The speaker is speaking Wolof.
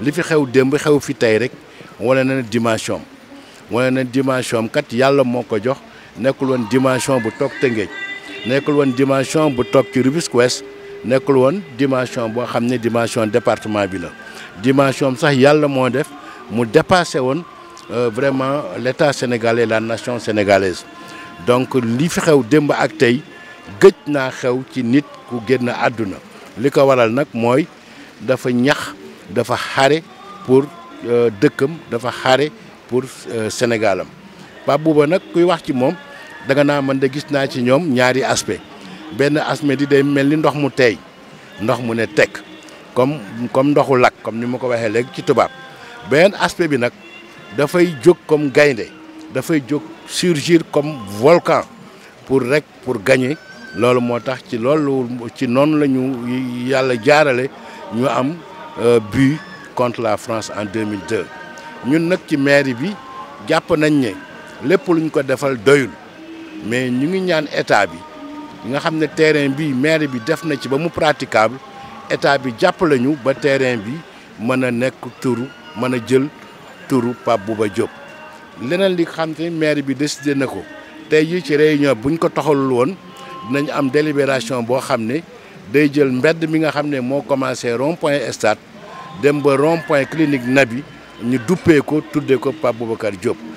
li fi xew demb xew fi tay rek wane na dimension wane na dimension kat yalla moko jox nekul won dimension bu tok Tëngéej nekul won dimension bu tok ci Rufisque Ouest nekkul dimension bo xam dimension département bi la dimension sax yalla mo def mu dépassé woon euh, vraiment l'État sénégalais la nation sénégalaise donc li fi xew demb ak tay gëj naa xew ci nit ku génn aduna liko waral nak moy dafa ñax dafa xare pour euh, dëkkam dafa xare pour euh, Sénégalam Pape Bouba nag kuy wax ci moom danga naa man de gis naa ci ñoom ñaari aspect benn aspect di day mel ni ndox mu teey ndox mu ne tek comme comme ndoxu lakk comme ni ma ko waxee léegi ci tubaab benn aspect bi nag dafay jóg comme gaynde dafay jóg surgir comme volcan pour rek pour gagner loolu moo tax ci loolu ci noonu la ñu yàlla jaarale ñu am Euh, buts contre la France en 2002 ñun nag ci mairie bi jàpp nañ ne lépp lu ñu ko defal doyul mais ñu ngi ñaan état bi nga xam ne terrain bi mairie bi def na ci ba mu praticable état bi jàpp ñu ba terrain bi mën a nekk turu mën a jël turu Pape Bouba jóg leneen li xam te mairie bi décidé na ko tey jii ci réunion bu ñu ko taxalul woon dinañ am délibération boo xam ne day jël mbedd mi nga xam ne moo commencé rond point stade dem ba rond point na bi ñu duppee ko tuddee ko Pape Boubacar Diop.